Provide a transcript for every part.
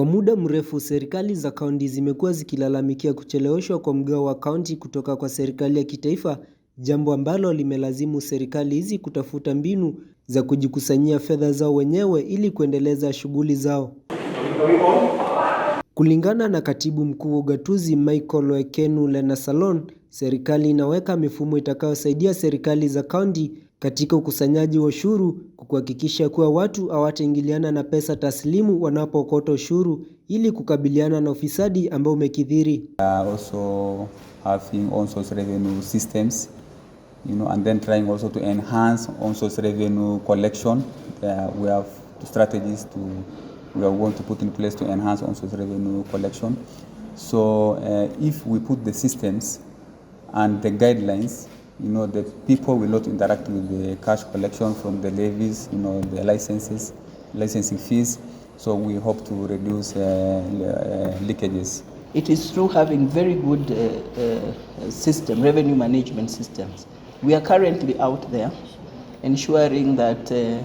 Kwa muda mrefu, serikali za kaunti zimekuwa zikilalamikia kucheleweshwa kwa mgao wa kaunti kutoka kwa serikali ya kitaifa, jambo ambalo limelazimu serikali hizi kutafuta mbinu za kujikusanyia fedha zao wenyewe ili kuendeleza shughuli zao. Kulingana na Katibu Mkuu wa Ugatuzi Michael Ekenu Lenasalon, serikali inaweka mifumo itakayosaidia serikali za kaunti katika ukusanyaji wa ushuru kuhakikisha kuwa watu hawataingiliana na pesa taslimu wanapokota ushuru ili kukabiliana na ufisadi ambao umekithiri. Also having source revenue systems you know and then trying also to enhance source revenue collection uh, we have strategies to we are going to put in place to enhance source revenue collection so uh, if we put the systems and the guidelines You know, the people will not interact with the cash collection from the levies, you know, the licenses, licensing fees. So we hope to reduce uh, uh, leakages. It is through having very good uh, uh, system, revenue management systems. We are currently out there ensuring that uh,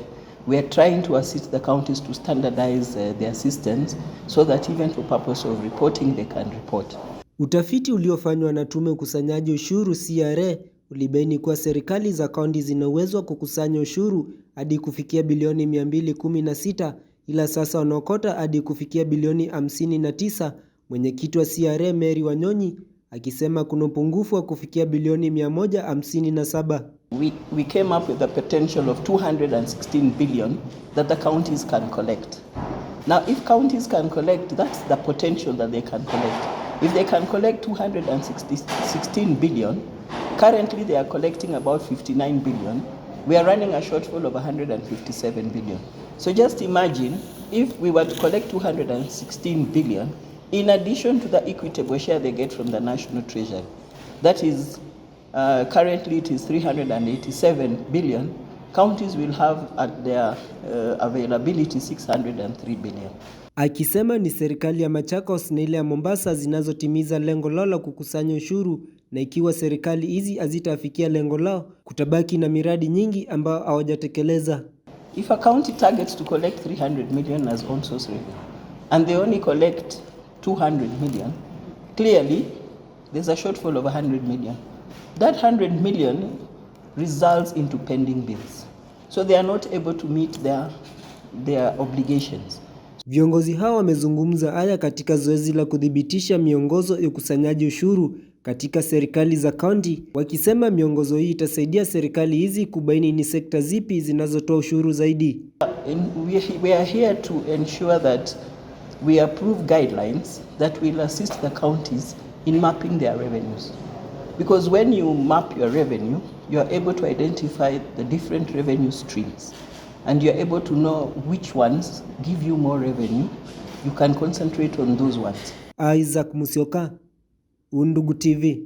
we are trying to assist the counties to standardize uh, their systems so that even for purpose of reporting they can report. Utafiti uliofanywa na tume ukusanyaji ushuru CRA ulibaini kuwa serikali za kaunti zina uwezo wa kukusanya ushuru hadi kufikia bilioni 216 ila sasa wanaokota hadi kufikia bilioni 59, mwenyekiti wa CRA Mary Wanyonyi akisema kuna upungufu wa kufikia bilioni 157. We, we came up with a potential of 216 billion that the counties can collect. Now if counties can collect, that's the potential that they can collect. If they can collect 216 billion Currently, they are collecting about 59 billion. We are running a shortfall of 157 billion. So just imagine if we were to collect 216 billion in addition to the equitable share they get from the national treasury. That is, uh, currently it is 387 billion. Counties will have at their uh, availability 603 billion. Akisema ni serikali ya Machakos na ile ya Mombasa zinazotimiza lengo lao la kukusanya ushuru na ikiwa serikali hizi hazitafikia lengo lao, kutabaki na miradi nyingi ambayo hawajatekeleza. If a county targets to collect 300 million as own source revenue and they only collect 200 million, clearly there's a shortfall of 100 million. That 100 million results into pending bills. So they are not able to meet their, their obligations. Viongozi hao wamezungumza haya katika zoezi la kuthibitisha miongozo ya ukusanyaji ushuru katika serikali za kaunti, wakisema miongozo hii itasaidia serikali hizi kubaini ni sekta zipi zinazotoa ushuru zaidi. We are here to ensure that we approve guidelines that will assist the counties in mapping their revenues. Because when you map your revenue, you are able to identify the different revenue streams and you are able to know which ones give you more revenue. You can concentrate on those ones. Isaac Musioka Undugu TV.